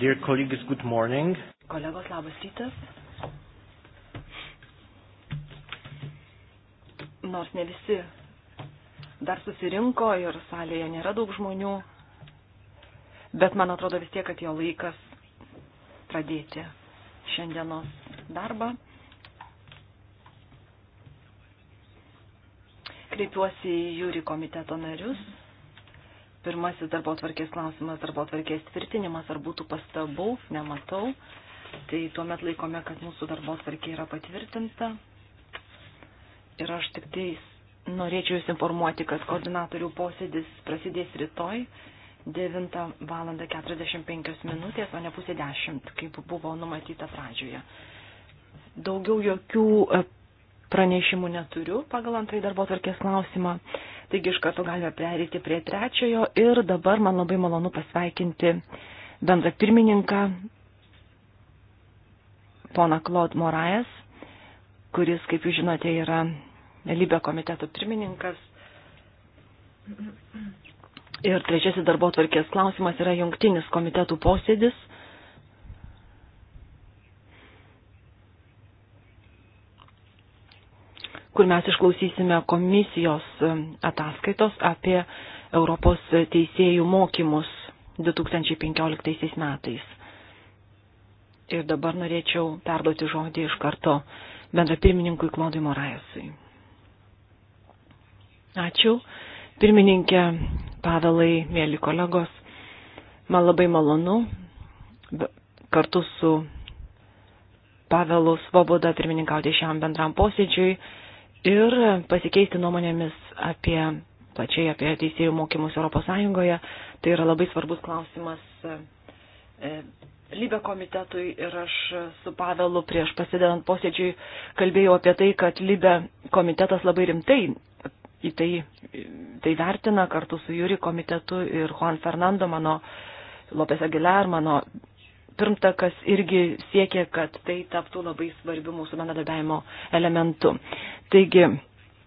Dear colleagues, good morning. Kolegos, labas rytas. Nors ne visi dar susirinko ir salėje nėra daug žmonių, bet man atrodo vis tiek, kad jo laikas pradėti šiandienos darbą. Kreipiuosi į jūri komiteto narius Pirmasis darbo tvarkės klausimas, darbo tvarkės tvirtinimas, ar būtų pastabų, nematau. Tai tuomet laikome, kad mūsų darbo tvarkė yra patvirtinta. Ir aš tik tai norėčiau Jūs informuoti, kad koordinatorių posėdis prasidės rytoj 9 val. 45 minutės, o ne pusė 10, kaip buvo numatyta pradžioje. Daugiau jokių pranešimų neturiu pagal antrąjį darbo tvarkės klausimą. Taigi iš karto galime pereiti prie trečiojo ir dabar man labai malonu pasveikinti bendrą pirmininką, pona Claude Moraes, kuris, kaip jūs žinote, yra Libė komiteto pirmininkas. Ir trečiasis darbo tvarkės klausimas yra jungtinis komitetų posėdis kur mes išklausysime komisijos e, ataskaitos apie Europos teisėjų mokymus 2015 metais. Ir dabar norėčiau perduoti žodį iš karto bendrapirmininkui Klodui Morajasui. Ačiū. Pirmininkė, pavelai, mėly kolegos, man labai malonu kartu su Pavelu Svoboda pirmininkauti šiam bendram posėdžiui ir pasikeisti nuomonėmis apie plačiai apie teisėjų mokymus ES. Tai yra labai svarbus klausimas e, Lybė komitetui ir aš su Pavelu prieš pasidedant posėdžiui kalbėjau apie tai, kad Lybė komitetas labai rimtai į tai, tai vertina kartu su Jūri komitetu ir Juan Fernando, mano Lopes Aguilar, mano pirmtakas irgi siekė, kad tai taptų labai svarbiu mūsų bendradarbiavimo elementu. Taigi,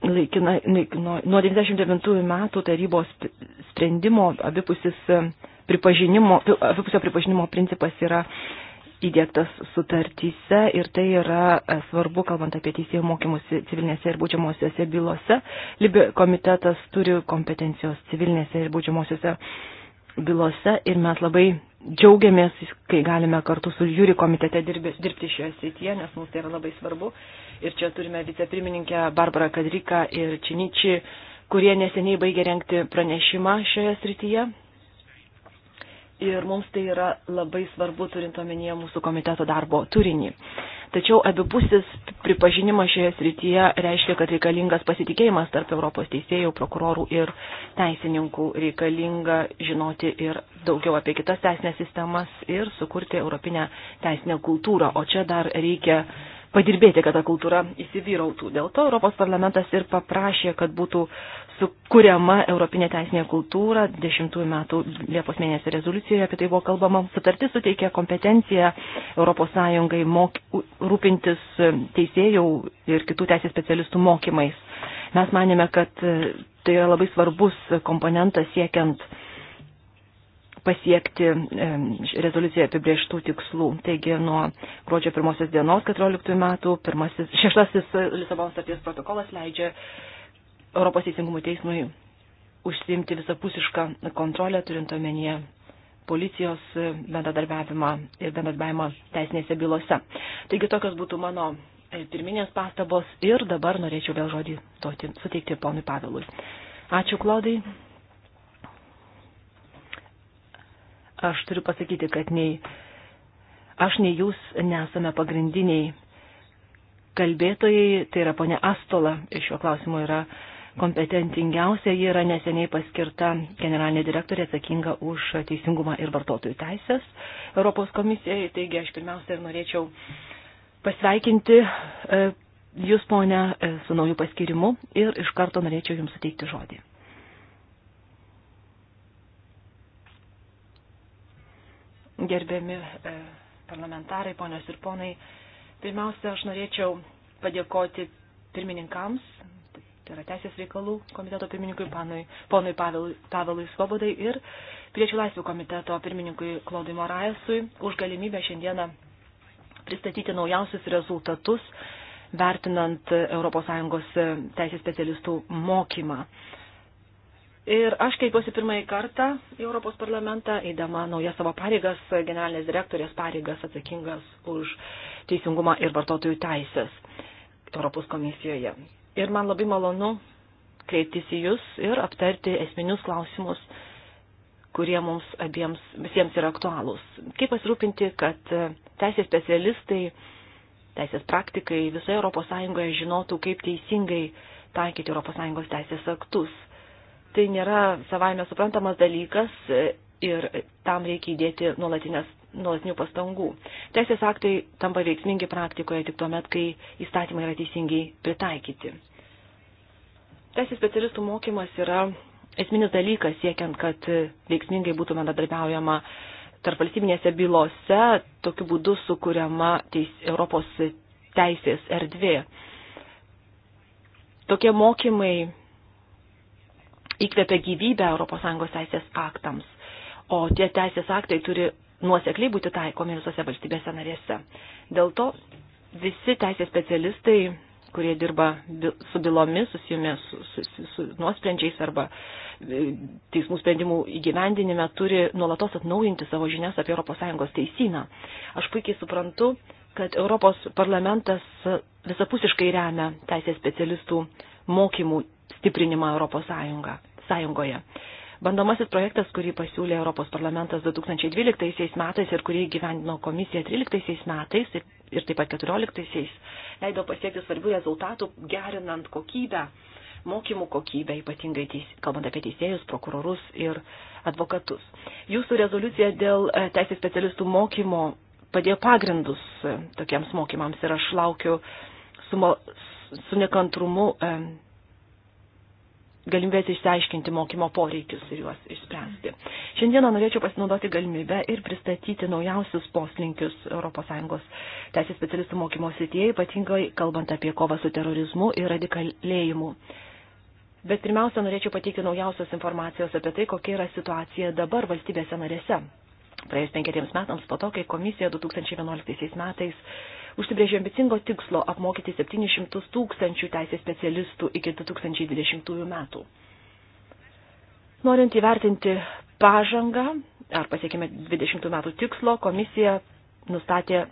laikina, nuo 99 metų tarybos sprendimo abipusis e, pripažinimo, abipusio pripažinimo principas yra įdėktas sutartyse ir tai yra e, svarbu, kalbant apie teisėjų mokymus civilinėse ir būdžiamosiose bylose. Libė komitetas turi kompetencijos civilinėse ir būdžiamosiose bylose ir mes labai džiaugiamės, kai galime kartu su jūri komitete dirbi, dirbti šioje srityje, nes mums tai yra labai svarbu. Ir čia turime vicepirmininkę Barbarą Kadriką ir Činičį, kurie neseniai baigė renkti pranešimą šioje srityje. Ir mums tai yra labai svarbu, turint omenyje mūsų komiteto darbo turinį. Uh, Tačiau abipusis pripažinimas šioje srityje reiškia, kad reikalingas pasitikėjimas tarp Europos teisėjų, prokurorų ir teisininkų. Reikalinga žinoti ir daugiau apie kitas teisinės sistemas ir sukurti europinę teisinę kultūrą. O čia dar reikia padirbėti, kad ta kultūra įsivyrautų. Dėl to Europos parlamentas ir paprašė, kad būtų sukūriama Europinė teisinė kultūra. Dešimtųjų metų Liepos mėnesio rezoliucijoje apie tai buvo kalbama. Sutartis suteikia kompetenciją ES mok... rūpintis teisėjų ir kitų teisės specialistų mokymais. Mes manėme, kad tai yra labai svarbus komponentas siekiant pasiekti rezoliucijoje apibrieštų tikslų. Taigi nuo gruodžio pirmosios dienos 14 metų pirmasis, šeštasis Lisabonos starties protokolas leidžia Europos teisingumo teismui užsimti visapusišką kontrolę, turint omenyje policijos bendradarbiavimą ir bendradarbiavimą teisinėse bylose. Taigi tokios būtų mano e, pirminės pastabos ir dabar norėčiau vėl žodį duoti, suteikti ponui Pavelui. Ačiū, Klaudai. Aš turiu pasakyti, kad nei aš, nei jūs nesame pagrindiniai kalbėtojai, tai yra ponia Astola, iš šio klausimo yra uh, kompetentingiausia ji yra neseniai paskirta generalinė direktorė atsakinga už teisingumą ir vartotojų teisės Europos komisijoje. Taigi aš pirmiausia ir norėčiau pasveikinti e, Jūs, ponia, e, su nauju paskirimu ir iš karto norėčiau Jums suteikti žodį. Gerbiami e, parlamentarai, ponios ir ponai, pirmiausia, aš norėčiau padėkoti pirmininkams, tai yra Teisės reikalų komiteto pirmininkui panui, ponui Pavelui, Pavelui Svobodai ir Piliečių laisvių komiteto pirmininkui Klaudui Moraesui už galimybę šiandieną pristatyti naujausius rezultatus, vertinant ES teisės specialistų mokymą. Ir aš kreipiuosi pirmąjį kartą į Europos parlamentą, eidama nauja savo pareigas, generalinės direktorės pareigas atsakingas už teisingumą ir vartotojų teisės Europos komisijoje ir man labai malonu kreiptis į Jūs ir aptarti esminius klausimus, kurie mums abiems visiems yra aktualūs. Kaip pasirūpinti, kad teisės specialistai, teisės praktikai visoje ES žinotų, kaip teisingai taikyti ES teisės aktus. Tai nėra savaime suprantamas dalykas ir tam reikia įdėti nuolatinės nuolatinių pastangų. Teisės aktai tampa veiksmingi praktikoje tik tuomet, kai įstatymai yra teisingai pritaikyti. Teisės specialistų mokymas yra esminis dalykas siekiant, kad veiksmingai būtų bendradarbiaujama tarp valstybinėse bylose, tokiu būdu sukūriama teis, Europos teisės erdvė. Tokie mokymai įkvepia gyvybę ES teisės aktams, o tie teisės aktai turi nuosekliai būti taikomi visose valstybėse narėse. Dėl to visi teisės specialistai, kurie dirba su bylomis, susijumė su, su, su, su nuosprendžiais arba e, teismų sprendimų įgyvendinime, turi nuolatos atnaujinti savo žinias apie ES teisyną. Aš puikiai suprantu, kad Europos parlamentas visapusiškai remia teisės specialistų mokymų stiprinimą Europos Sąjungą, Sąjungoje. Bandomasis projektas, kurį pasiūlė Europos parlamentas 2012 metais ir kurį gyvendino komisija 2013 metais ir taip pat 2014, leido pasiekti svarbių rezultatų, gerinant kokybę, mokymų kokybę, ypatingai teis, kalbant apie teisėjus, prokurorus ir advokatus. Jūsų rezoliucija dėl e, teisės specialistų mokymo padėjo pagrindus e, tokiems mokymams ir aš laukiu su, su nekantrumu. E, galimybės išsiaiškinti mokymo poreikius ir juos išspręsti. Šiandieną norėčiau pasinaudoti galimybę ir pristatyti naujausius poslinkius ES teisės specialistų mokymo srityje, ypatingai kalbant apie kovą su terorizmu ir radikalėjimu. Bet pirmiausia, norėčiau pateikti naujausios informacijos apie tai, kokia yra situacija dabar valstybėse narėse. Praėjus penkeriems metams po to, kai komisija 2011 metais užsibrėžė ambicingo tikslo apmokyti 700 tūkstančių teisės specialistų iki 2020 metų. Norint įvertinti pažangą, ar pasiekime 20 metų tikslo, komisija nustatė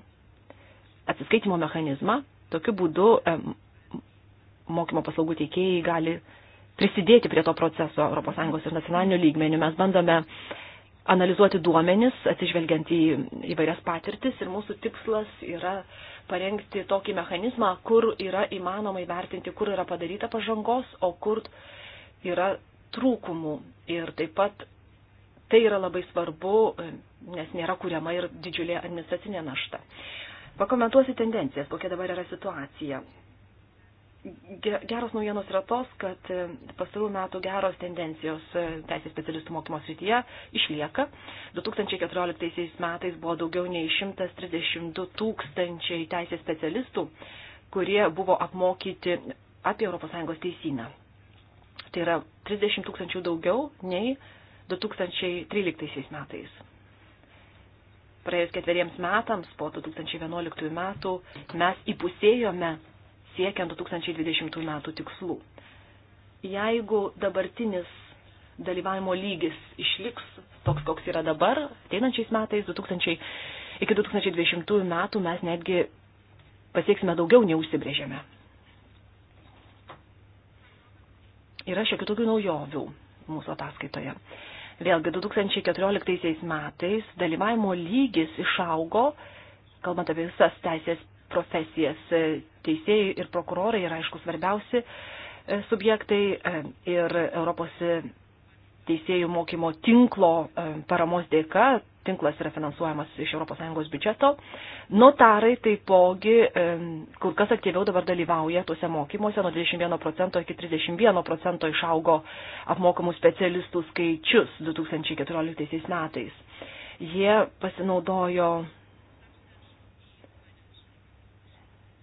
atsiskaitimo mechanizmą. Tokiu būdu mokymo paslaugų teikėjai gali prisidėti prie to proceso ES ir nacionalinių lygmenių. Mes bandome uh, analizuoti duomenis, atsižvelgiant į įvairias patirtis ir mūsų tikslas yra parengti tokį mechanizmą, kur yra įmanoma įvertinti, kur yra padaryta pažangos, o kur yra trūkumų. Ir taip pat tai yra labai svarbu, nes nėra kuriama ir didžiulė administracinė našta. Pakomentuosiu tendencijas, kokia dabar yra situacija. Geros naujienos yra tos, kad e, pastarų metų geros tendencijos e, teisės specialistų mokymo srityje išlieka. 2014 metais buvo daugiau nei 132 tūkstančiai teisės specialistų, kurie buvo apmokyti apie ES teisyną. Tai yra 30 tūkstančių daugiau nei 2013 metais. Praėjus ketveriems metams po 2011 metų mes įpusėjome siekiant 2020 metų tikslų. Jeigu dabartinis dalyvavimo lygis išliks toks, koks yra dabar, ateinančiais metais 2000, iki 2020 metų mes netgi pasieksime daugiau neužsibrėžėme. Yra šiek tiek tokių naujovių mūsų ataskaitoje. Vėlgi 2014 metais dalyvavimo lygis išaugo, kalbant apie visas teisės profesijas. E, teisėjai ir prokurorai yra, aišku, svarbiausi e, subjektai e, ir Europos teisėjų mokymo tinklo paramos dėka, tinklas yra finansuojamas iš ES biudžeto, notarai taipogi kur kas aktyviau dabar dalyvauja tuose mokymuose, nuo 21 procento iki 31 procento išaugo apmokamų specialistų skaičius 2014 metais. Jie pasinaudojo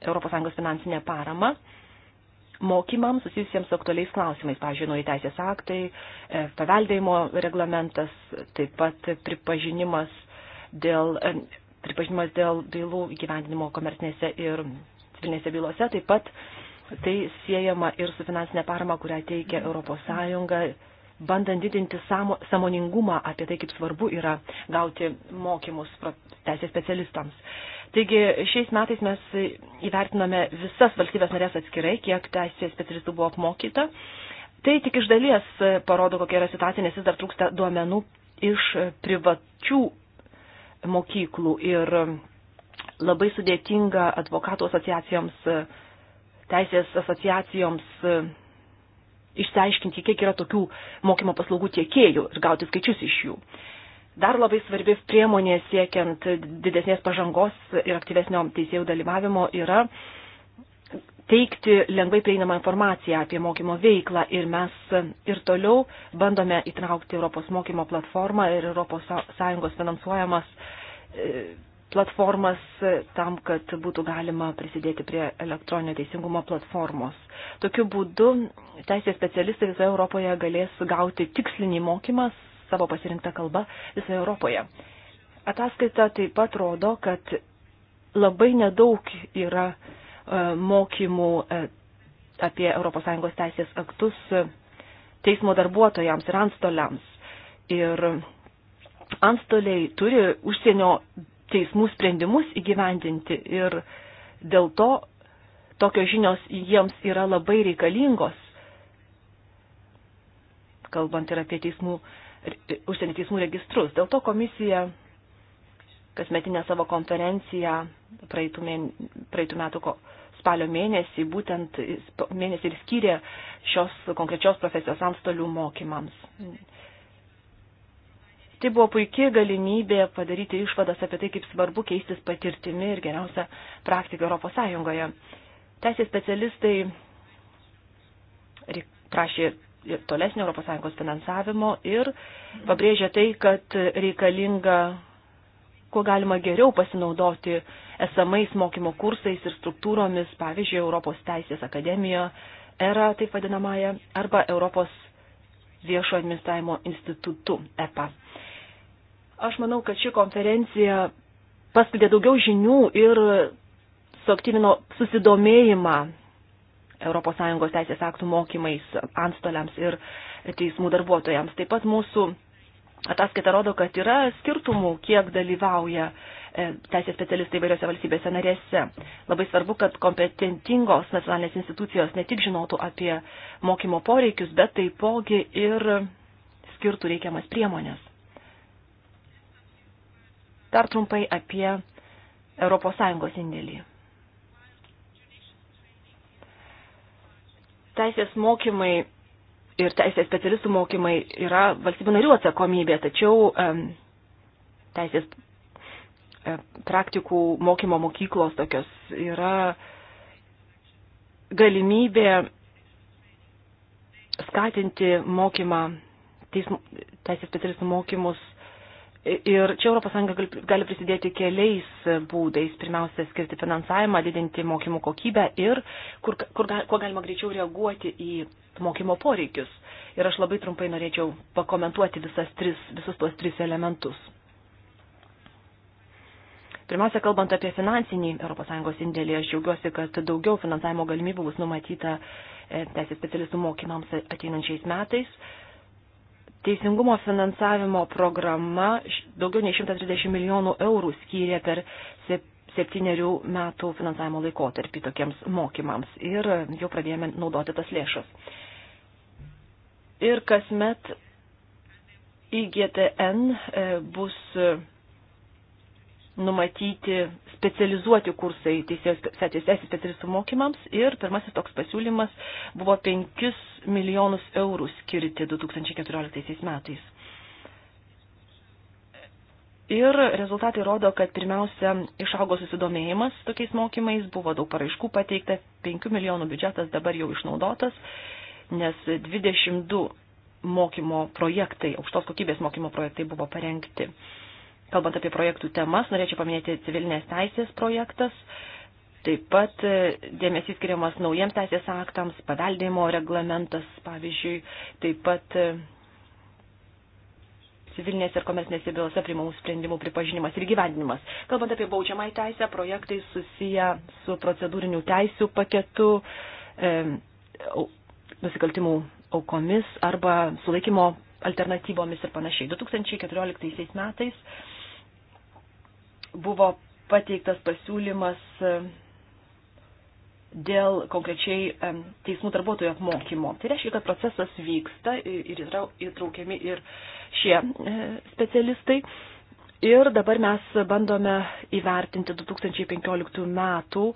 ES finansinę paramą mokymams susijusiems su aktualiais klausimais, pavyzdžiui, nauji teisės aktai, e, paveldėjimo reglamentas, taip pat pripažinimas dėl, e, pripažinimas dėl bylų gyvendinimo komercinėse ir civilinėse bylose, taip pat tai siejama ir su finansinė parama, kurią teikia ES, bandant didinti samoningumą apie tai, kaip svarbu yra gauti mokymus teisės specialistams. Taigi šiais metais mes įvertinome visas valstybės narės atskirai, kiek teisės specialistų buvo apmokyta. Tai tik iš dalies parodo, kokia yra situacija, nes vis dar trūksta duomenų iš privačių mokyklų ir labai sudėtinga advokatų asociacijoms, teisės asociacijoms išsiaiškinti, kiek yra tokių mokymo paslaugų tiekėjų ir gauti skaičius iš jų dar labai svarbi priemonė siekiant didesnės pažangos ir aktyvesnio teisėjų dalyvavimo yra teikti lengvai prieinamą informaciją apie mokymo veiklą ir mes ir toliau bandome įtraukti Europos mokymo platformą ir ES finansuojamas e, platformas e, tam, kad būtų galima prisidėti prie elektroninio teisingumo platformos. Tokiu būdu teisės specialistai visoje Europoje galės gauti tikslinį mokymas, savo pasirinktą kalbą visoje Europoje. Ataskaita taip pat rodo, kad labai nedaug yra e, mokymų e, apie ES teisės aktus e, teismo darbuotojams ir anstoliams. Ir anstoliai turi užsienio teismų sprendimus įgyvendinti ir dėl to tokios žinios jiems yra labai reikalingos, kalbant ir apie teismų užsienio teismų registrus. Dėl to komisija kasmetinę savo konferenciją praeitų, mėn, praeitų metų spalio mėnesį, būtent mėnesį ir skyrė šios konkrečios profesijos antstolių mokymams. Tai buvo puikia galimybė padaryti išvadas apie tai, kaip svarbu keistis patirtimi ir geriausia praktika Europos Sąjungoje. Teisės specialistai prašė tolesnio ES finansavimo ir pabrėžia tai, kad reikalinga kuo galima geriau pasinaudoti esamais mokymo kursais ir struktūromis, pavyzdžiui, Europos Teisės akademija, ERA, taip vadinamąją, arba Europos viešo administravimo institutu, EPA. Aš manau, kad ši konferencija paskleidė daugiau žinių ir suaktyvino susidomėjimą ES teisės aktų mokymais antstoliams ir teismų darbuotojams. Taip pat mūsų ataskaita rodo, kad yra skirtumų, kiek dalyvauja e, teisės specialistai įvairiose valstybėse narėse. Labai svarbu, kad kompetentingos nacionalinės institucijos ne tik žinotų apie mokymo poreikius, bet taipogi ir skirtų reikiamas priemonės. Dar trumpai apie ES indėlį. Teisės mokymai ir teisės specialistų mokymai yra valstybių narių atsakomybė, tačiau teisės e, praktikų mokymo mokyklos tokios yra galimybė skatinti mokymą, teisės specialistų mokymus Ir čia ES gali prisidėti keliais būdais. Pirmiausia, skirti finansavimą, didinti mokymų kokybę ir kur, kur, kuo galima greičiau reaguoti į mokymo poreikius. Ir aš labai trumpai norėčiau pakomentuoti visas tris, visus tuos tris elementus. Pirmiausia, kalbant apie finansinį ES indėlį, aš džiaugiuosi, kad daugiau finansavimo galimybių bus numatyta e, teisės specialistų mokymams ateinančiais metais. Teisingumo finansavimo programa daugiau nei 130 milijonų eurų skyrė per septyniarių metų finansavimo laikotarpį tokiems mokymams ir jau pradėjome naudoti tas lėšas. Ir kasmet IGTN e, bus numatyti specializuoti kursai teisės specialistų mokymams ir pirmasis toks pasiūlymas buvo 5 milijonus eurų skirti 2014 metais. Ir rezultatai rodo, kad pirmiausia išaugo susidomėjimas tokiais mokymais, buvo daug paraiškų pateikta, 5 milijonų biudžetas dabar jau išnaudotas, nes 22 mokymo projektai, aukštos kokybės mokymo projektai buvo parengti. Kalbant apie projektų temas, norėčiau paminėti civilinės teisės projektas, taip pat e, dėmesys skiriamas naujiems teisės aktams, paveldėjimo reglamentas, pavyzdžiui, taip pat e, civilinės ir komercinėse bylose primamų sprendimų pripažinimas ir gyvendinimas. Kalbant apie baudžiamą teisę, projektai susiję su procedūrinių teisių paketu, e, nusikaltimų aukomis arba sulaikimo alternatyvomis ir panašiai. 2014 metais buvo pateiktas pasiūlymas e, dėl konkrečiai e, teismų darbuotojų apmokymo. Tai reiškia, kad procesas vyksta ir yra įtraukiami ir šie e, specialistai. Ir dabar mes bandome įvertinti 2015 metų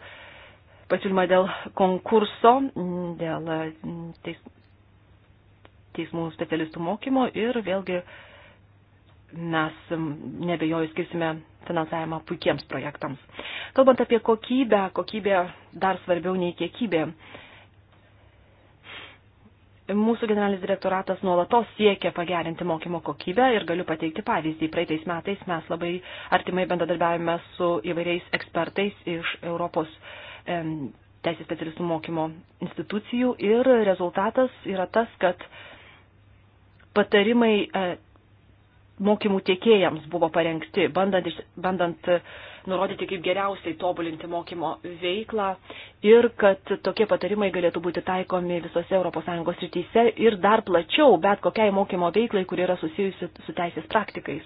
pasiūlymą dėl konkurso, dėl mm, teismų specialistų mokymo ir vėlgi mes nebejoju skirsime finansavimą puikiems projektams. Kalbant apie kokybę, kokybė dar svarbiau nei kiekybė. Mūsų generalinis direktoratas nuolatos siekia pagerinti mokymo kokybę ir galiu pateikti pavyzdį. Praeitais metais mes labai artimai bendradarbiavime su įvairiais ekspertais iš Europos em, teisės specialistų mokymo institucijų ir rezultatas yra tas, kad patarimai e, mokymų tiekėjams buvo parengti, bandant, bandant e, nurodyti, kaip geriausiai tobulinti mokymo veiklą ir kad tokie patarimai galėtų būti taikomi visose ES rytise ir dar plačiau bet kokiai mokymo veiklai, kuri yra susijusi su teisės praktikais.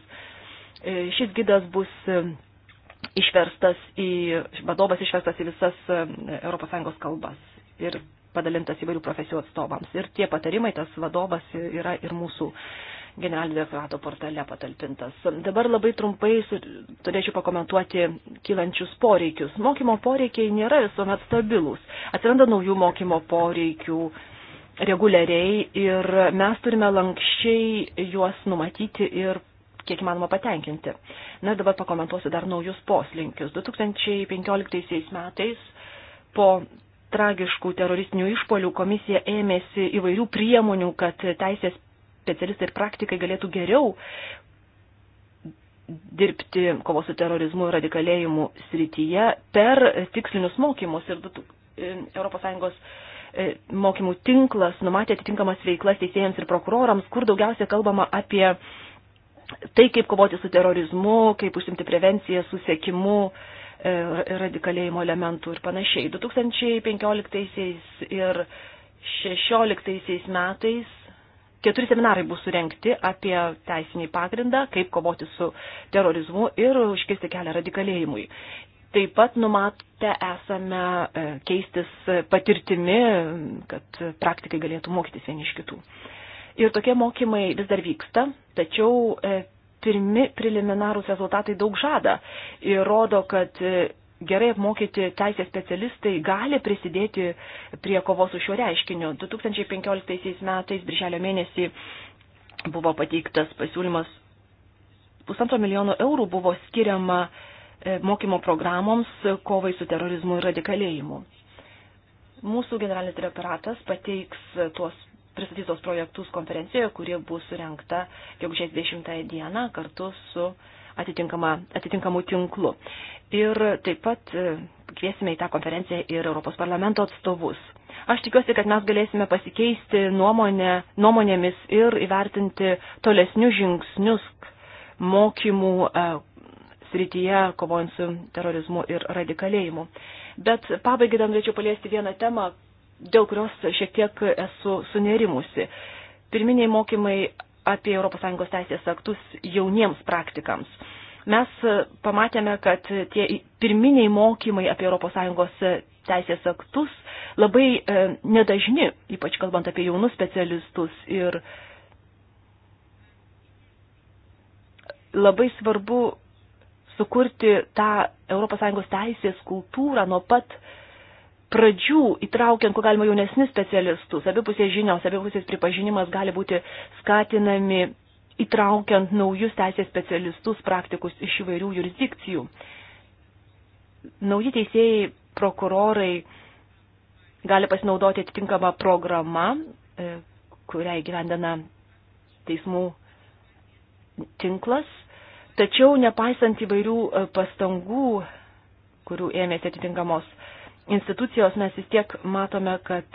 E, šis gidas bus e, išverstas į, vadovas išverstas į visas ES kalbas ir padalintas įvairių profesijų atstovams. Ir tie patarimai, tas vadovas yra ir mūsų generalinio direktorato portale patalpintas. Dabar labai trumpai turėčiau pakomentuoti kylančius poreikius. Mokymo poreikiai nėra visuomet stabilūs. Atsiranda naujų mokymo poreikių reguliariai ir mes turime lankščiai juos numatyti ir kiek įmanoma patenkinti. Na ir dabar pakomentuosiu dar naujus poslinkius. 2015 metais po tragiškų teroristinių išpolių komisija ėmėsi įvairių priemonių, kad teisės specialistai ir praktikai galėtų geriau dirbti kovos su terorizmu ir radikalėjimu srityje per tikslinius mokymus ir ES e, mokymų tinklas numatė atitinkamas veiklas teisėjams ir prokurorams, kur daugiausia kalbama apie tai, kaip kovoti su terorizmu, kaip užsimti prevenciją, susiekimu, e, radikalėjimo elementų ir panašiai. 2015 ir 2016 metais keturi seminarai bus surenkti apie teisinį pagrindą, kaip kovoti su terorizmu ir užkirsti kelią radikalėjimui. Taip pat numatę esame e, keistis patirtimi, kad praktikai galėtų mokytis vieni iš kitų. Ir tokie mokymai vis dar vyksta, tačiau e, pirmi preliminarūs rezultatai daug žada ir rodo, kad e, gerai apmokyti teisės specialistai gali prisidėti prie kovos su šiuo reiškiniu. 2015 metais, birželio mėnesį, buvo pateiktas pasiūlymas, pusantro milijono eurų buvo skiriama e, mokymo programoms kovai su terorizmu ir radikalėjimu. Mūsų generalinis direktoratas pateiks tuos pristatytos projektus konferencijoje, kurie bus surengta gegužės 10 dieną kartu su uh, atitinkamų tinklų. Ir taip pat e, kviesime į tą konferenciją ir Europos parlamento atstovus. Aš tikiuosi, kad mes galėsime pasikeisti nuomonė, nuomonėmis ir įvertinti tolesnius žingsnius mokymų e, srityje, kovojant su terorizmu ir radikalėjimu. Bet pabaigai dar norėčiau paliesti vieną temą, dėl kurios šiek tiek esu sunerimusi. Pirminiai mokymai apie ES teisės aktus jauniems praktikams. Mes e, pamatėme, kad tie pirminiai mokymai apie ES teisės aktus labai e, nedažni, ypač kalbant apie jaunus specialistus. Ir labai svarbu sukurti tą ES teisės kultūrą nuo pat uh, pradžių, įtraukiant, kuo galima jaunesnis specialistus, abipusės žinios, abipusės pripažinimas gali būti skatinami įtraukiant naujus teisės specialistus, praktikus iš įvairių jurisdikcijų. Nauji teisėjai, prokurorai gali pasinaudoti atitinkamą programą, e, kurią įgyvendina teismų tinklas, tačiau nepaisant įvairių e, pastangų, kurių ėmėsi atitinkamos uh, institucijos mes vis tiek matome, kad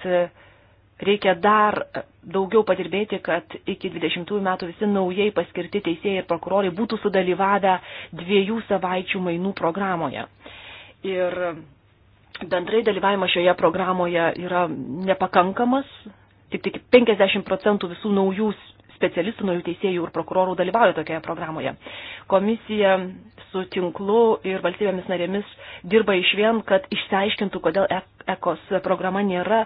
reikia dar daugiau padirbėti, kad iki 20 metų visi naujai paskirti teisėjai ir prokurorai būtų sudalyvavę dviejų savaičių mainų programoje. Ir bendrai dalyvavimas šioje programoje yra nepakankamas, tik, tik 50 procentų visų naujų specialistų, naujų teisėjų ir prokurorų dalyvauja tokioje programoje. Komisija su tinklu ir valstybėmis narėmis dirba iš vien, kad išsiaiškintų, kodėl ECOS programa nėra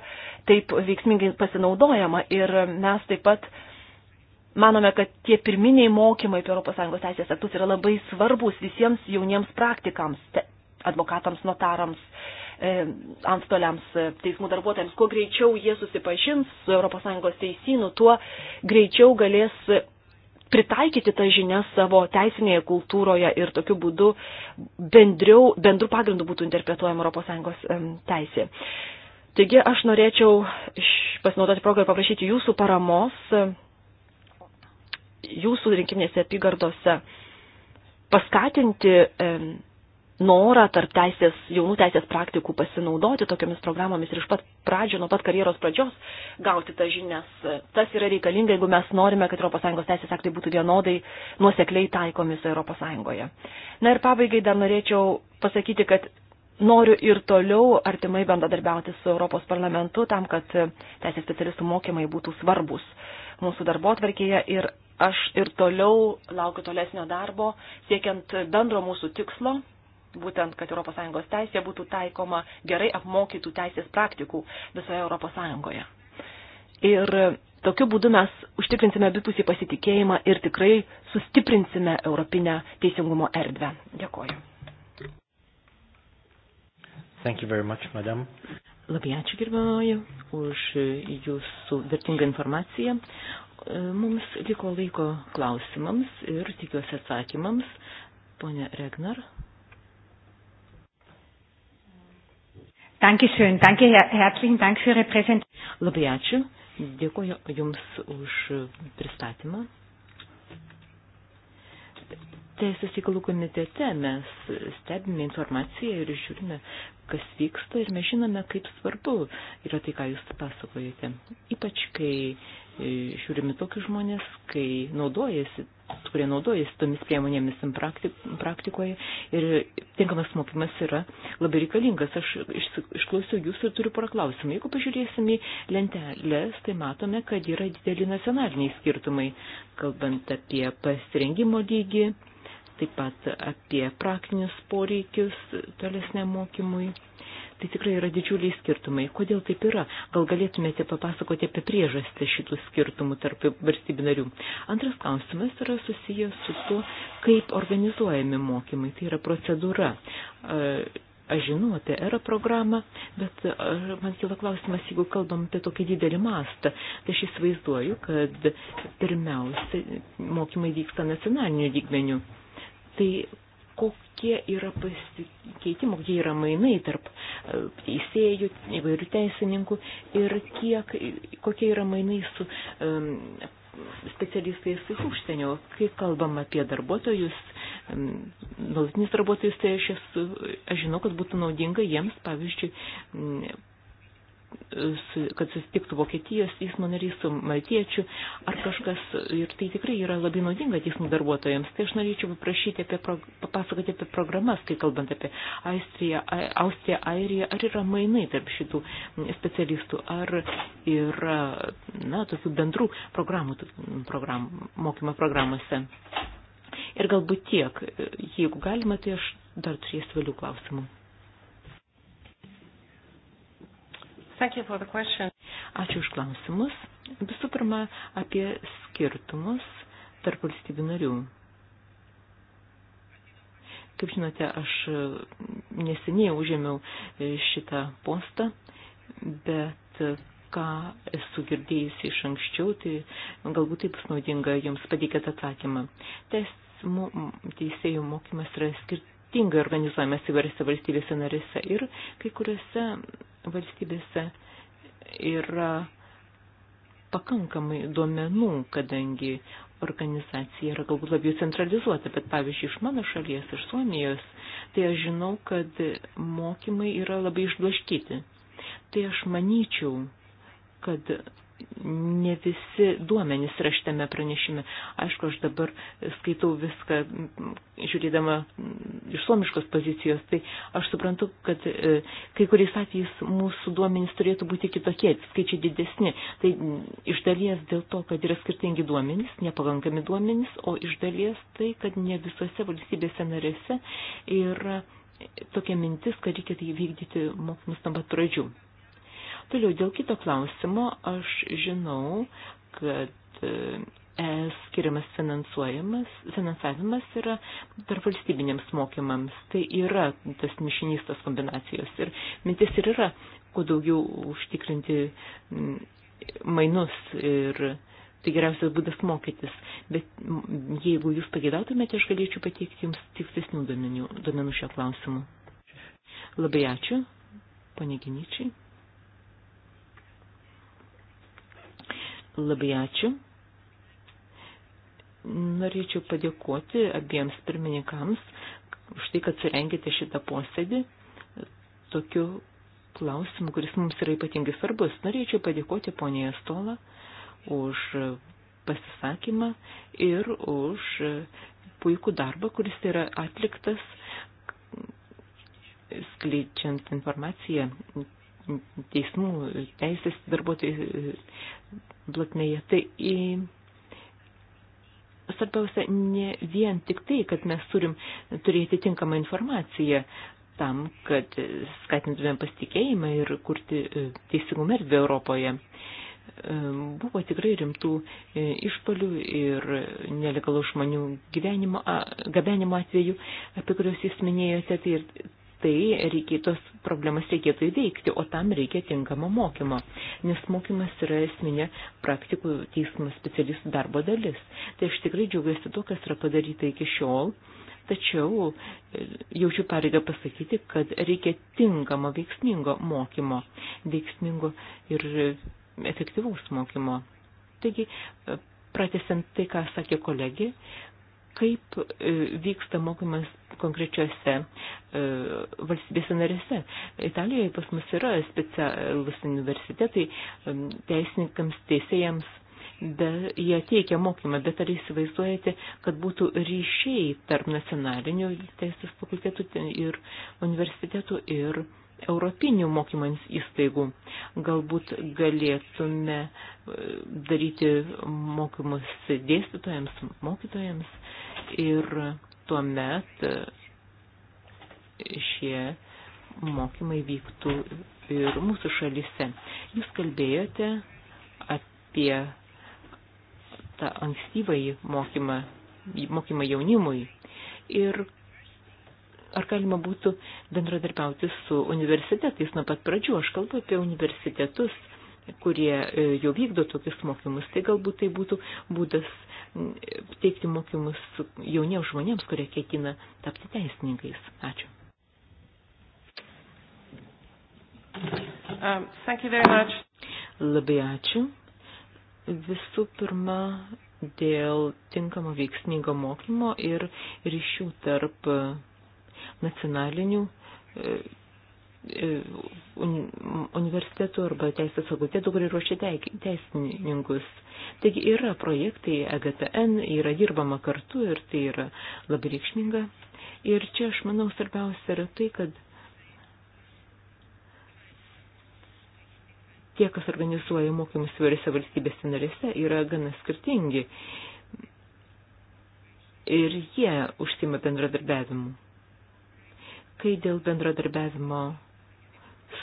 taip veiksmingai pasinaudojama. Ir mes taip pat manome, kad tie pirminiai mokymai apie ES teisės aktus yra labai svarbus visiems jauniems praktikams, te, advokatams, notarams, e, antstoliams, e, teismų darbuotojams. Kuo greičiau jie susipažins su ES teisynu, tuo greičiau galės pritaikyti tą žinią savo teisinėje kultūroje ir tokiu būdu bendriau, bendrų pagrindų būtų interpretuojama ES teisė. Taigi aš norėčiau pasinaudoti progą ir paprašyti jūsų paramos e, jūsų rinkiminėse apygardose paskatinti norą tarp teisės, jaunų teisės praktikų pasinaudoti tokiamis programomis ir iš pat pradžio, nuo pat karjeros pradžios gauti tas žinias. Tas yra reikalinga, jeigu mes norime, kad ES teisės aktai būtų vienodai nuosekliai taikomi visoje ES. Na ir pabaigai dar norėčiau pasakyti, kad noriu ir toliau artimai bendradarbiauti su Europos parlamentu tam, kad teisės specialistų mokymai būtų svarbus mūsų darbo atvarkėje ir aš ir toliau laukiu tolesnio darbo, siekiant bendro mūsų tikslo būtent, kad ES teisė būtų taikoma gerai apmokytų teisės praktikų visoje ES. Ir tokiu būdu mes užtikrinsime abipusį pasitikėjimą ir tikrai sustiprinsime Europinę teisingumo erdvę. Dėkoju. Thank you very much, madam. Labai ačiū gerbiamoji už jūsų vertingą informaciją. Mums liko laiko klausimams ir tikiuosi atsakymams. Pone Regnar. Dankeschön, danke, her, herzlichen Dank für Ihre Präsentation. Labai ačiū, dėkuoju Jums už pristatymą. Teisės įgalų komitete mes stebime informaciją ir žiūrime, kas vyksta ir mes žinome, kaip svarbu yra tai, ką jūs pasakojate. Ypač, kai e, žiūrime tokius žmonės, kai naudojasi, kurie naudojasi tomis priemonėmis praktikoje ir tinkamas mokymas yra labai reikalingas. Aš išklausiau jūsų ir turiu porą klausimų. Jeigu pažiūrėsime į lentelės, tai matome, kad yra dideli nacionaliniai skirtumai, kalbant apie pasirengimo lygį taip pat apie praktinius poreikius tolesniam mokymui. Tai tikrai yra didžiuliai skirtumai. Kodėl taip yra? Gal galėtumėte papasakoti apie priežastį šitų skirtumų tarp valstybių narių? Antras klausimas yra susijęs su tuo, kaip organizuojami mokymai. Tai yra procedūra. Aš žinau apie ERA programą, bet man kila klausimas, jeigu kalbam apie tokį didelį mastą, tai aš įsivaizduoju, kad pirmiausia mokymai vyksta nacionaliniu lygmeniu Tai kokie yra pasikeitimai, kokie yra mainai tarp e, teisėjų, įvairių teisininkų ir kiek, kokie yra mainai su um, specialistais iš užsienio, kai kalbam apie darbuotojus, nuolatinis darbuotojus, tai aš, esu, aš žinau, kad būtų naudinga jiems, pavyzdžiui, kad susitiktų Vokietijos teismo narys su maltiečiu ar kažkas, ir tai tikrai yra labai naudinga teismų darbuotojams. Tai aš norėčiau paprašyti apie, papasakoti apie programas, kai kalbant apie Austriją, Austriją, Airiją, ar yra mainai tarp šitų specialistų, ar yra, na, tokių bendrų programų, program, mokymo programuose. Ir galbūt tiek, jeigu galima, tai aš dar turėsiu vėliau klausimų. Thank you for the question. Ačiū už klausimus. Visų pirma, apie skirtumus tarp valstybių narių. Kaip žinote, aš neseniai užėmiau šitą postą, bet ką esu girdėjusi iš anksčiau, tai galbūt tai bus naudinga jums pateikėt atsakymą. Teisėjų mokymas yra skirtingai organizuojamas įvairiose valstybėse narėse ir kai kuriuose valstybėse yra pakankamai duomenų, kadangi organizacija yra galbūt labiau centralizuota, bet pavyzdžiui, iš mano šalies, iš Suomijos, tai aš žinau, kad mokymai yra labai išblaškyti. Tai aš manyčiau, kad ne visi duomenys yra šitame pranešime. Aišku, aš dabar skaitau viską, žiūrėdama iš suomiškos pozicijos, tai aš suprantu, kad e, kai kuriais atvejais mūsų duomenys turėtų būti kitokie, skaičiai didesni. Tai iš dalies dėl to, kad yra skirtingi duomenys, nepagankami duomenys, o iš dalies tai, kad ne visose valstybėse narėse yra tokia mintis, kad reikia tai vykdyti mokymus tam pat pradžių. Toliau, dėl kito klausimo, aš žinau, kad ES skiriamas finansavimas yra tarp valstybinėms mokymams. Tai yra tas mišinys, tas kombinacijos. Ir mintis ir yra, kuo daugiau užtikrinti mainus ir tai geriausias būdas mokytis. Bet jeigu jūs pagėdautumėte, aš galėčiau pateikti jums tikslesnių duomenų šio klausimu. Labai ačiū, paneginyčiai. Labai ačiū. Norėčiau padėkoti abiems pirmininkams už tai, kad surengėte šitą posėdį tokiu klausimu, kuris mums yra ypatingai svarbus. Norėčiau padėkoti poniai Stolą už pasisakymą ir už puikų darbą, kuris yra atliktas skleidžiant informaciją teismų teisės darbuotojų plotmėje. Tai į... svarbiausia ne vien tik tai, kad mes turim turėti tinkamą informaciją tam, kad skatintumėm pasitikėjimą ir kurti e, teisingumą erdvę Europoje. E, buvo tikrai rimtų e, išpolių ir nelegalų žmonių gyvenimo, gabenimo atveju, apie kuriuos jūs minėjote, tai ir tai reikėtos problemas reikėtų įveikti, o tam reikia tinkamo mokymo, nes mokymas yra esminė praktikų teismų specialistų darbo dalis. Tai aš tikrai džiaugiuosi tuo, kas yra padaryta iki šiol. Tačiau e, jaučiu pareigą pasakyti, kad reikia tinkamo, veiksmingo mokymo, veiksmingo ir efektyvaus mokymo. Taigi, e, pratesiant tai, ką sakė kolegė, kaip e, vyksta mokymas konkrečiose e, valstybėse narėse. Italijoje pas mus yra specialus universitetai e, teisininkams, teisėjams, be, jie teikia mokymą, bet ar įsivaizduojate, kad būtų ryšiai tarp nacionalinių teisės fakultetų ir universitetų ir europinių mokymo įstaigų. Galbūt galėtume e, daryti mokymus dėstytojams, mokytojams ir tuomet e, šie mokymai vyktų ir mūsų šalyse. Jūs kalbėjote apie tą ankstyvąjį mokymą, mokymą jaunimui ir ar galima būtų bendradarbiauti su universitetais nuo pat pradžių. Aš kalbu apie universitetus, kurie e, jau vykdo tokius mokymus. Tai galbūt tai būtų būdas teikti mokymus jauniems žmonėms, kurie ketina tapti teisininkais. Ačiū. Um, thank you very much. Labai ačiū. Visų pirma, dėl tinkamo veiksmingo mokymo ir ryšių tarp uh, nacionalinių e, e, universitetų arba teisės fakultetų, kurie ruošia teisininkus. Taigi yra projektai EGTN, yra dirbama kartu ir tai yra labai reikšminga. Ir čia aš manau svarbiausia yra tai, kad tie, kas organizuoja mokymus įvairiose valstybėse narėse, yra gana skirtingi. Ir jie užsima bendradarbiavimu. Kai dėl bendradarbiavimo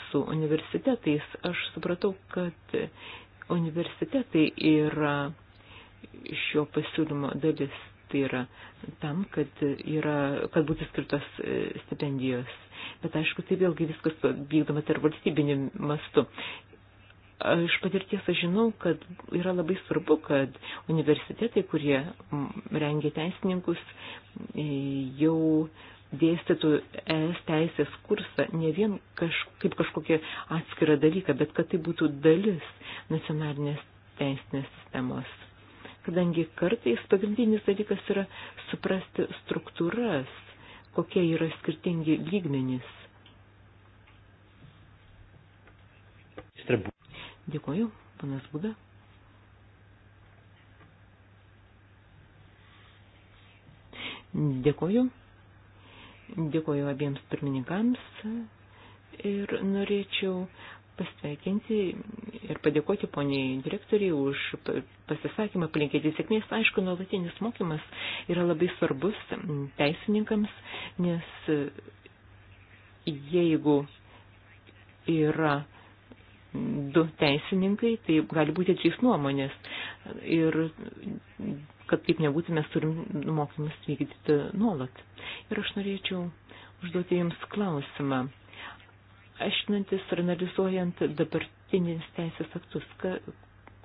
su universitetais, aš supratau, kad universitetai yra šio pasiūlymo dalis. Tai yra tam, kad, yra, kad būtų skirtos e, stipendijos. Bet aišku, tai vėlgi viskas vykdoma tarp valstybinių mastų. Iš patirties aš žinau, kad yra labai svarbu, kad universitetai, kurie rengia teisininkus, e, jau dėstytų ES teisės kursą ne vien kaž, kaip kažkokį atskirą dalyką, bet kad tai būtų dalis nacionalinės teisinės sistemos. Kadangi kartais pagrindinis dalykas yra suprasti struktūras, kokie yra skirtingi lygmenys. Dėkuoju, panas Buda. Dėkuoju. Dėkuoju abiems pirmininkams ir norėčiau pasveikinti ir padėkoti poniai direktoriai už pasisakymą, palinkėti sėkmės. Aišku, nuolatinis mokymas yra labai svarbus teisininkams, nes jeigu yra du teisininkai, tai gali būti trys nuomonės. Ir kad kaip nebūtų mes turim mokymus vykdyti nuolat. Ir aš norėčiau užduoti Jums klausimą. Aiškinantis ir analizuojant dabartinis teisės aktus, ka,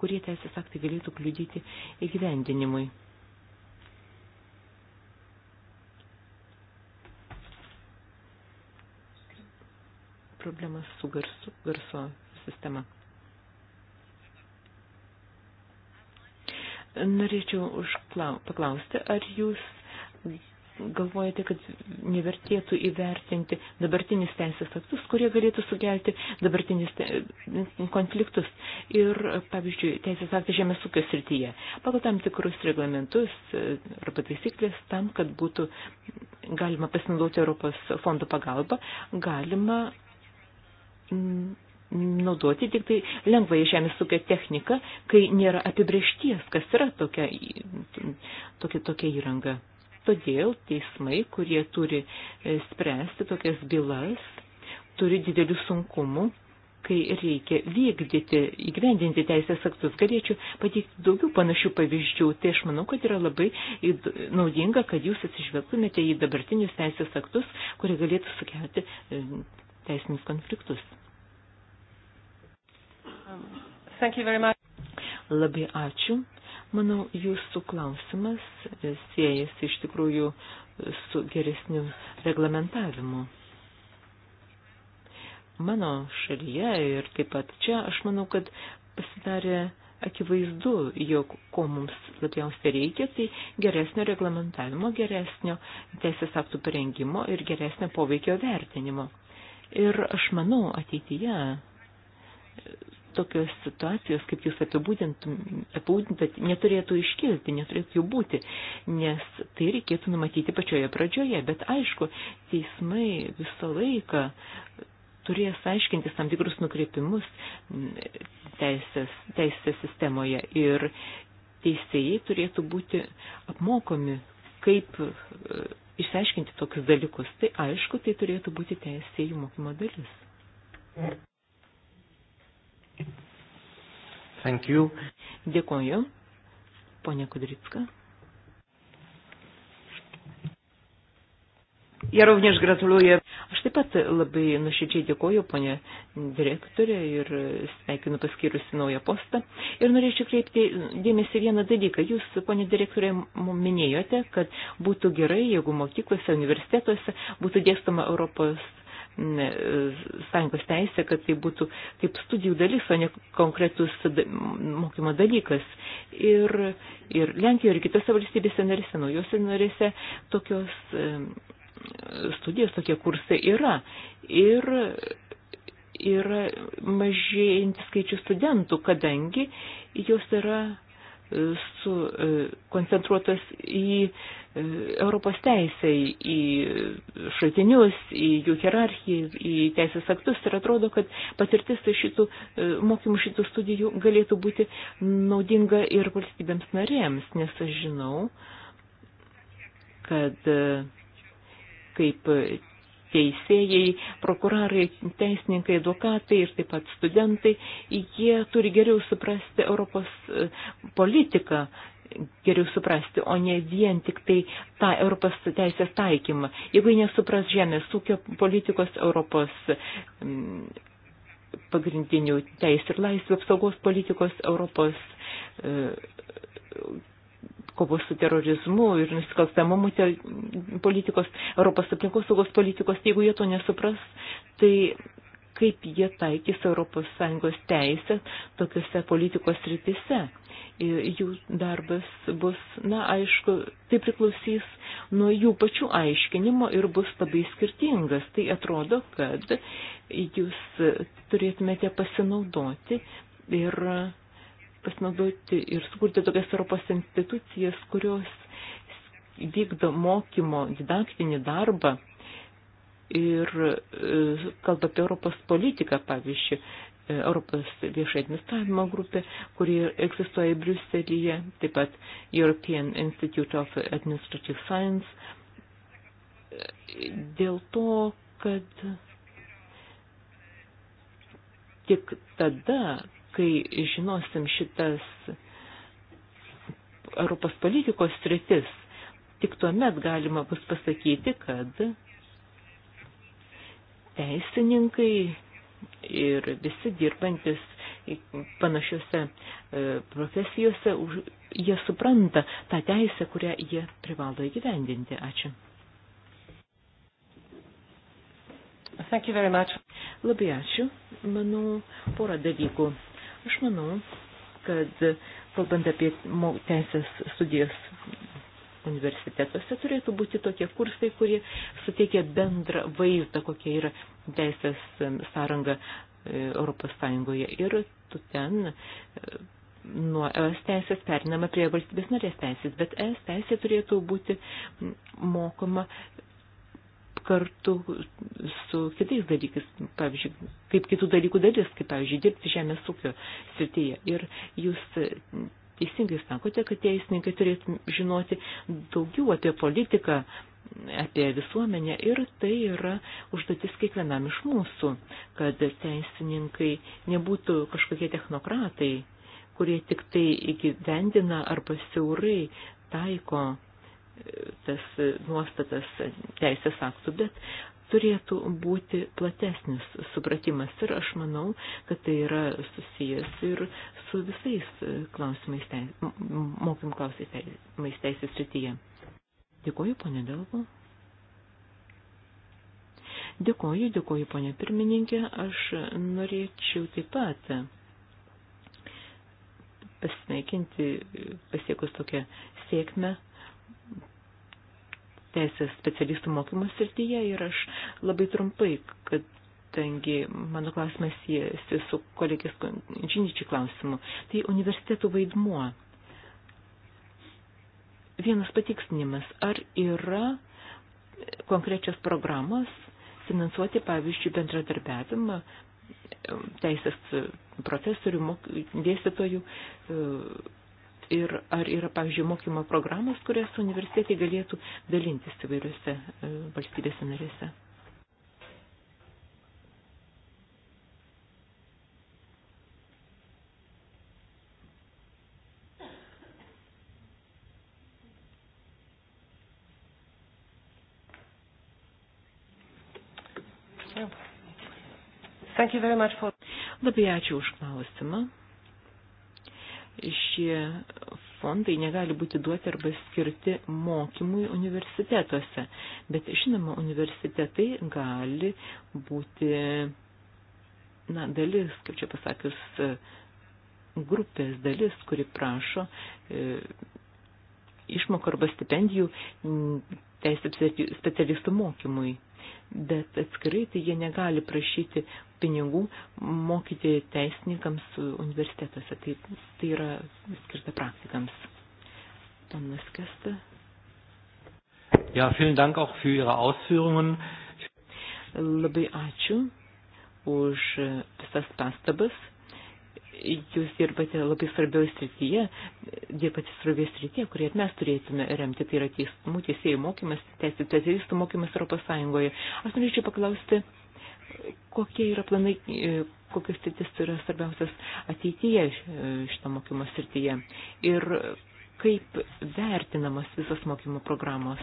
kurie teisės aktai galėtų kliudyti įgyvendinimui. Problemas su garsu, garso sistema. Norėčiau užklau, paklausti, ar jūs galvojate, kad nevertėtų įvertinti dabartinis teisės aktus, kurie galėtų sugelti dabartinis te... konfliktus ir, pavyzdžiui, teisės aktai žemės ūkio srityje, pagal tam tikrus reglamentus e, ar pataisyklės tam, kad būtų galima pasinaudoti Europos fondo pagalbą, galima naudoti tik tai lengvai žemės ūkio techniką, kai nėra apibriešties, kas yra tokia, tokia, tokia įranga. Todėl teismai, kurie turi e, spręsti tokias bylas, turi didelių sunkumų, kai reikia vykdyti, įgyvendinti teisės aktus. Galėčiau pateikti daugiau panašių pavyzdžių, tai aš manau, kad yra labai naudinga, kad jūs atsižvelgtumėte į dabartinius teisės aktus, kurie galėtų sukelti e, teisinius konfliktus. Labai ačiū. Manau, jūsų klausimas siejasi iš tikrųjų su geresniu reglamentavimu. Mano šalyje ir taip pat čia aš manau, kad pasidarė akivaizdu, jog ko mums labiausiai reikia, tai geresnio reglamentavimo, geresnio teisės aktų parengimo ir geresnio poveikio vertinimo. Ir aš manau, ateityje tokios situacijos, kaip jūs apibūdintumėt, neturėtų iškilti, neturėtų jų būti, nes tai reikėtų numatyti pačioje pradžioje. Bet aišku, teismai visą laiką turės aiškintis tam tikrus nukreipimus teisės, teisės sistemoje ir teisėjai turėtų būti apmokomi, kaip e, išsiaiškinti tokius dalykus. Tai aišku, tai turėtų būti teisėjų mokymo dalis. Thank you. Dėkoju. Pone Kudrytska. Ja również gratuluję. Aš taip pat labai nuoširdžiai dėkoju, ponė direktorė, ir sveikinu paskyrusi naują postą. Ir norėčiau kreipti dėmesį vieną dalyką. Jūs, ponė direktorė, minėjote, kad būtų gerai, jeigu mokyklose, universitetuose būtų dėstama Europos sąjungos teisė, kad tai būtų kaip studijų dalis, o ne konkretus mokymo dalykas. Ir, ir Lenkijoje ir kitose valstybėse narėse, naujose narėse tokios studijos, tokie kursai yra. Ir yra mažėjantis skaičius studentų, kadangi jos yra su, e, koncentruotas į e, Europos teisę, į e, šaltinius, į jų hierarchiją, į teisės aktus ir atrodo, kad patirtis tai šitų mokymų, šitų studijų galėtų būti naudinga ir valstybėms narėms, nes aš žinau, kad kaip teisėjai, prokurorai, teisininkai, advokatai ir taip pat studentai, jie turi geriau suprasti Europos e, politiką, geriau suprasti, o ne vien tik tai tą Europos teisės taikymą. Jeigu jie nesupras žemės ūkio politikos Europos pagrindinių teisų ir laisvių apsaugos politikos Europos e, kovos su terorizmu ir nusikalstamumu politikos, Europos aplinkos saugos politikos, tai jeigu jie to nesupras, tai kaip jie taikys ES teisę tokiuose politikos rytise. Jų darbas bus, na, aišku, tai priklausys nuo jų pačių aiškinimo ir bus labai skirtingas. Tai atrodo, kad jūs turėtumėte pasinaudoti ir pasinaudoti ir sukurti tokias Europos institucijas, kurios vykdo mokymo didaktinį darbą ir e, kalba apie Europos politiką, pavyzdžiui, e, Europos viešai administravimo grupė, kuri egzistuoja Briuselyje, taip pat European Institute of Administrative Science, dėl to, kad tik tada kai žinosim šitas Europos politikos sritis, tik tuomet galima bus pasakyti, kad teisininkai ir visi dirbantis panašiose e, profesijose, jie supranta tą teisę, kurią jie privalo įgyvendinti. Ačiū. Thank you very much. Labai ačiū. Manau, porą dalykų. Aš manau, kad kalbant apie teisės studijas universitetuose turėtų būti tokie kursai, kurie suteikia bendrą vaizdą, kokia yra teisės sąranga e, Europos Sąjungoje. Ir tu ten e, nuo ES teisės perinama prie valstybės narės teisės, bet ES teisė turėtų būti mokoma kartu su kitais dalykais, pavyzdžiui, kaip kitų dalykų dalis, kaip, pavyzdžiui, dirbti žemės ūkio srityje. Ir jūs teisingai sakote, kad teisininkai turėtų žinoti daugiau apie politiką, apie visuomenę ir tai yra užduotis kiekvienam iš mūsų, kad teisininkai nebūtų kažkokie technokratai, kurie tik tai įgyvendina arba siaurai taiko tas nuostatas teisės aktų, bet turėtų būti platesnis supratimas ir aš manau, kad tai yra susijęs ir su visais klausimais, mokym klausimais teisės srityje. Dėkoju, ponė Delvo. Dėkoju, dėkoju, ponė pirmininkė. Aš norėčiau taip pat pasveikinti pasiekus tokią sėkmę teisės specialistų mokymo srityje ir aš labai trumpai, kad kadangi mano klausimas siejasi su kolegės Žiničių klausimu, tai universitetų vaidmuo. Vienas patiksinimas, ar yra konkrečios programos finansuoti, pavyzdžiui, bendradarbiavimą teisės profesorių, dėstytojų ir ar yra, pavyzdžiui, mokymo programos, kurias universitetai galėtų dalintis įvairiuose e, valstybėse narėse. Thank you very much for... Labai ačiū už klausimą šie fondai negali būti duoti arba skirti mokymui universitetuose, bet žinoma, universitetai gali būti, na, dalis, kaip čia pasakius, grupės dalis, kuri prašo e, išmokų arba stipendijų teisės specialistų mokymui bet atskirai tai jie negali prašyti pinigų mokyti teisininkams universitetuose. Tai, tai yra skirta praktikams. Panas Kesta. Ja, vielen Dank auch für Ihre Ausführungen. Labai ačiū už visas pastabas jūs dirbate labai svarbioje srityje, dirbate svarbioje srityje, kurie mes turėtume remti, tai yra teismų teisėjų mokymas, teisė teisėjų mokymas Europos Sąjungoje. Aš norėčiau paklausti, kokie yra planai, e, kokios sritis yra svarbiausias ateityje e, šito mokymo srityje ir kaip vertinamas visas mokymo programos.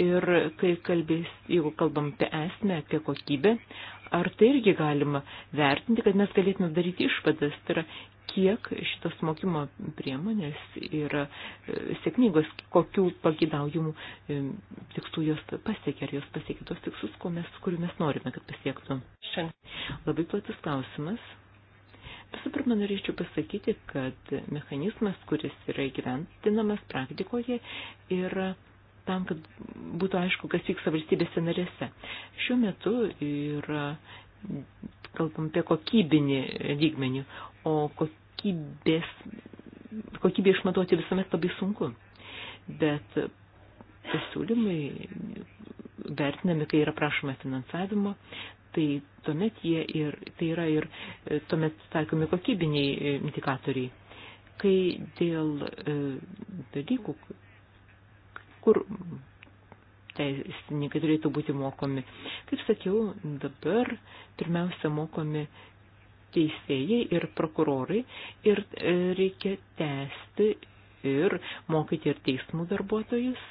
Ir kai kalbės, jeigu kalbam apie esmę, apie kokybę, Ar tai irgi galima vertinti, kad mes galėtume daryti išvadas, tai yra, kiek šitos mokymo priemonės yra e, sėkmingos, kokių pagidaujimų e, tikslų jos pasiekia, ar jos pasiekia tos tikslus, ko mes, kurių mes norime, kad pasiektų. Labai platus klausimas. Visų pirma, norėčiau pasakyti, kad mechanizmas, kuris yra įgyventinamas praktikoje, yra tam, kad būtų aišku, kas vyksta valstybėse narėse. Šiuo metu yra, kalbam apie kokybinį lygmenį, o kokybės, kokybė išmatuoti visuomet labai sunku. Bet pasiūlymai vertinami, kai yra prašoma finansavimo, tai tuomet jie ir, tai yra ir e, tuomet taikomi kokybiniai e, indikatoriai. Kai dėl e, dalykų, kur teisininkai turėtų būti mokomi. Kaip sakiau, dabar pirmiausia mokomi teisėjai ir prokurorai ir e, reikia tęsti ir mokyti ir teismų darbuotojus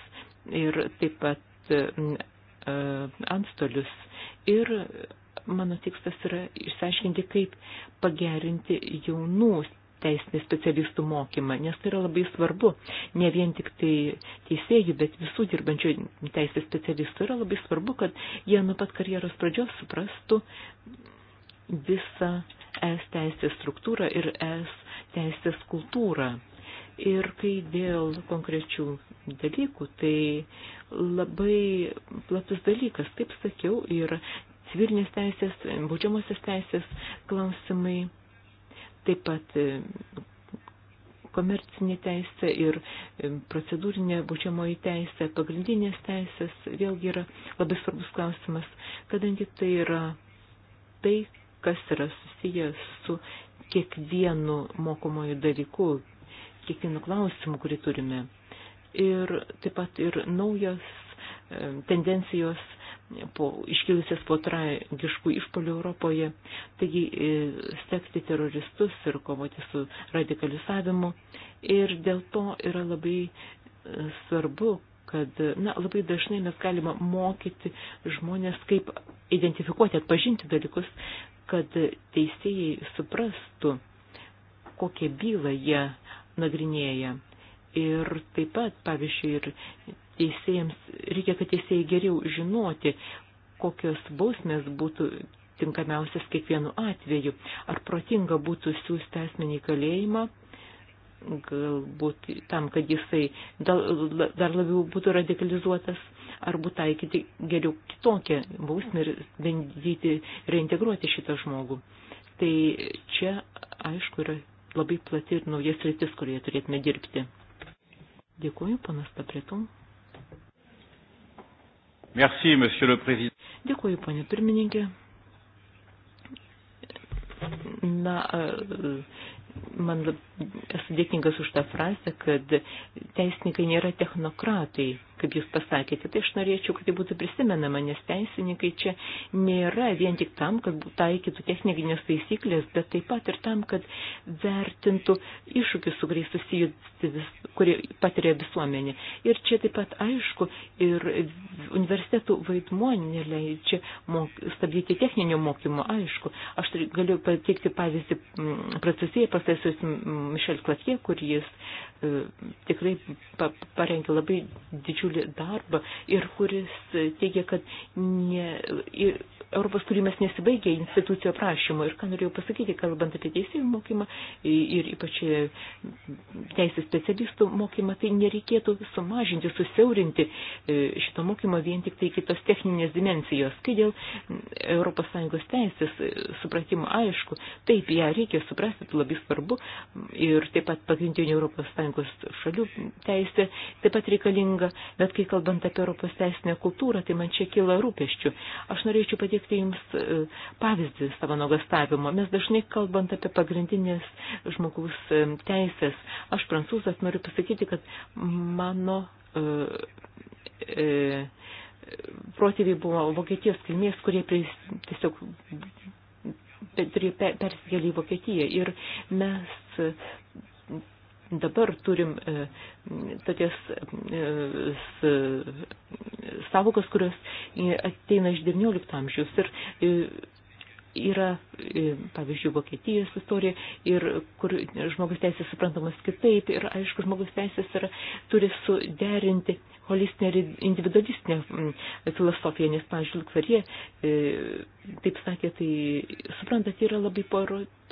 ir taip pat e, e, antstolius. Ir mano tikslas yra išsiaiškinti, kaip pagerinti jaunų teisinės specialistų mokymą, nes tai yra labai svarbu. Ne vien tik tai teisėjų, bet visų dirbančių teisės specialistų yra labai svarbu, kad jie nuo pat karjeros pradžios suprastų visą es teisės struktūrą ir es teisės kultūrą. Ir kai dėl konkrečių dalykų, tai labai platus dalykas, kaip sakiau, yra civilinės teisės, baudžiamosios teisės klausimai Taip pat e, komercinė teisė ir e, procedūrinė būčiamoji teisė, pagrindinės teisės, vėlgi yra labai svarbus klausimas, kadangi tai yra tai, kas yra susijęs su kiekvienu mokomoju dalyku, kiekvienu klausimu, kurį turime. Ir taip pat ir naujos e, tendencijos po, iškilusias po tragiškų išpolių Europoje. Taigi e, sekti teroristus ir kovoti su radikalizavimu. Ir dėl to yra labai e, svarbu, kad na, labai dažnai mes galime mokyti žmonės, kaip identifikuoti, atpažinti dalykus, kad teisėjai suprastų, kokią bylą jie nagrinėja. Ir taip pat, pavyzdžiui, ir teisėjams, reikia, kad teisėjai geriau žinoti, kokios bausmės būtų tinkamiausias kiekvienu atveju. Ar protinga būtų siūsti asmenį į kalėjimą, galbūt tam, kad jisai dar labiau būtų radikalizuotas, ar būtų taikyti geriau kitokią bausmę ir bandyti reintegruoti šitą žmogų. Tai čia, aišku, yra labai plati ir naujas rytis, kurioje turėtume dirbti. Dėkuoju, panas Tapretum. Merci, monsieur le président. Dėkuoju, ponė pirmininkė. Na, e, man esu dėkingas už tą frazę, kad teisininkai nėra technokratai kaip jūs pasakėte. Tai aš norėčiau, kad tai būtų prisimenama, nes teisininkai čia nėra vien tik tam, kad taikytų techninės taisyklės, bet taip pat ir tam, kad vertintų iššūkius, su kuriais susijusi, vis, kurie patiria visuomenė. Ir čia taip pat aišku, ir universitetų vaidmuo neleidžia mok, stabdyti techninio mokymo, aišku. Aš galiu pateikti pavyzdį mm, Prancūzijai, profesorius mm, Mišel Klatie, kur jis e, tikrai pa, parengė labai didžiulį didžiulį darbą ir kuris teigia, kad ne, ir, Europos kūrimas nesibaigia institucijų prašymu. Ir ką norėjau pasakyti, kalbant apie teisėjų mokymą ir ypač teisės specialistų mokymą, tai nereikėtų sumažinti, susiaurinti e, šito mokymo vien tik tai kitos techninės dimensijos. Kai dėl ES teisės supratimo aišku, taip ją reikia suprasti, tai labai svarbu. Ir taip pat pagrindinių ES šalių teisė taip pat reikalinga, Bet kai kalbant apie Europos teisinę kultūrą, tai man čia kyla rūpeščių. Aš norėčiau pateikti Jums e, pavyzdį savo nuogastavimo. Mes dažnai kalbant apie pagrindinės žmogaus e, teisės. Aš prancūzas noriu pasakyti, kad mano. E, e, protėviai buvo Vokietijos kilmės, kurie prie, tiesiog turėjo persikėlę į Vokietiją. Ir mes dabar turim e, tokias e, savokas, kurios ateina iš XIX amžiaus ir e, yra, e, pavyzdžiui, Vokietijos istorija, ir kur žmogus teisės suprantamas kitaip, ir aišku, žmogus teisės yra, turi suderinti holistinę ir individualistinę filosofiją, nes, pavyzdžiui, Lukvarie, e, taip sakė, tai suprantat, yra labai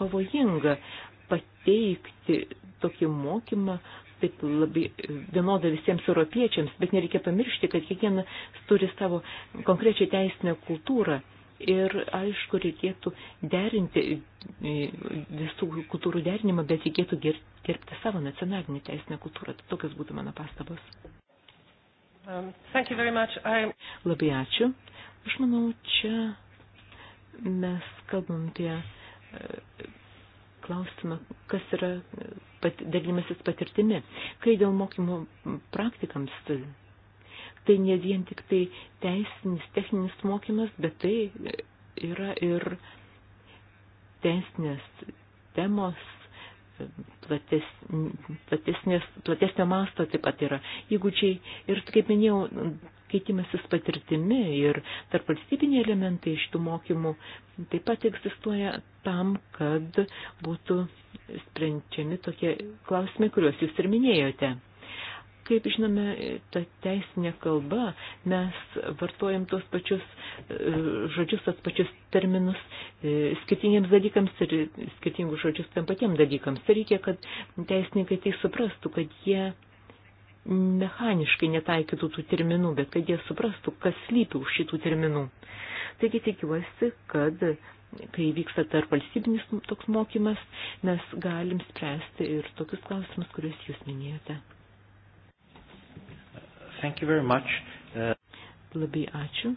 pavojinga pateikti tokį mokymą taip labai vienodą visiems europiečiams, bet nereikia pamiršti, kad kiekvienas turi savo konkrečią teisinę kultūrą. Ir aišku, reikėtų derinti e, visų kultūrų derinimą, bet reikėtų gerbti savo nacionalinį teisinę kultūrą. Tai tokios būtų mano pastabos. Um, I... Labai ačiū. Aš manau, čia mes kalbam apie e, klausimą, kas yra pat, dalinimasis patirtimi. Kai dėl mokymo praktikams, tai, tai ne vien tik tai teisinis, techninis mokymas, bet tai yra ir teisinės temos plates, platesnės, platesnio masto taip pat yra įgūdžiai. Ir kaip minėjau, keitimasis patirtimi ir tarp valstybiniai elementai iš tų mokymų taip pat egzistuoja tam, kad būtų sprendžiami tokie klausimai, kuriuos jūs ir minėjote. Kaip žinome, ta teisinė kalba, mes vartojam tos pačius e, žodžius, tos pačius terminus e, skirtingiems dalykams ir skirtingus žodžius tam patiems dalykams. Tai reikia, kad teisininkai tai suprastų, kad jie mechaniškai netaikytų tų terminų, bet kad jie suprastų, kas slypi už šitų terminų. Taigi tikiuosi, kad kai vyksta tarp valstybinis toks mokymas, mes galim spręsti ir tokius klausimus, kuriuos jūs minėjote. Thank you very much. Uh... Labai ačiū.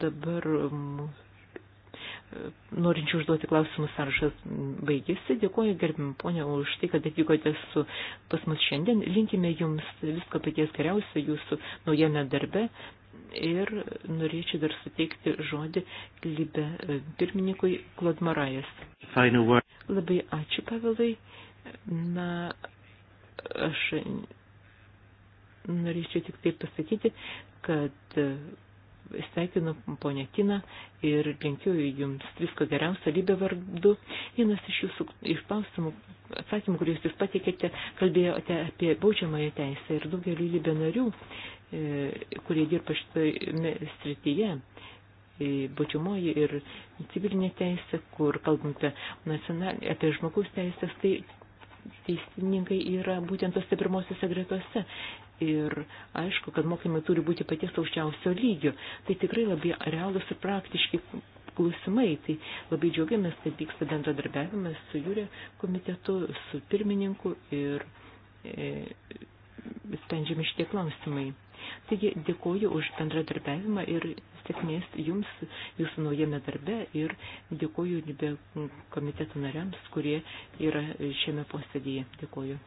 Dabar mūsų Norinčių užduoti klausimus sąrašas baigėsi. Dėkuoju gerbim ponė už tai, kad atvykote su pas mus šiandien. Linkime jums visko paties geriausio jūsų naujame darbe. Ir norėčiau dar suteikti žodį Libe e, pirmininkui Klodmarajas. Labai ačiū, Pavelai. Na, aš norėčiau tik taip pasakyti, kad e, sveikinu ponę Kiną ir linkiu jums visko geriausio lybė vardu. Vienas iš jūsų iš klausimų, atsakymų, kuriuos jūs pateikėte, kalbėjote apie baudžiamąją teisę ir daugelį lybė narių, e, kurie dirba šitoje srityje e, baudžiamoji ir civilinė teisė, kur kalbam apie, nacional... apie žmogaus teisės, tai teisininkai yra būtent tose pirmosiose gretose. Ir aišku, kad mokymai turi būti paties aukščiausio lygio. Tai tikrai labai realūs ir praktiški klausimai. Tai labai džiaugiamės, kad vyksta bendradarbiavimas su jūrė komitetu, su pirmininku ir e, sprendžiami šitie klausimai. Taigi dėkoju už bendradarbiavimą ir sėkmės jums, jūsų naujame darbe ir dėkoju komiteto nariams, kurie yra šiame posėdėje. Dėkoju.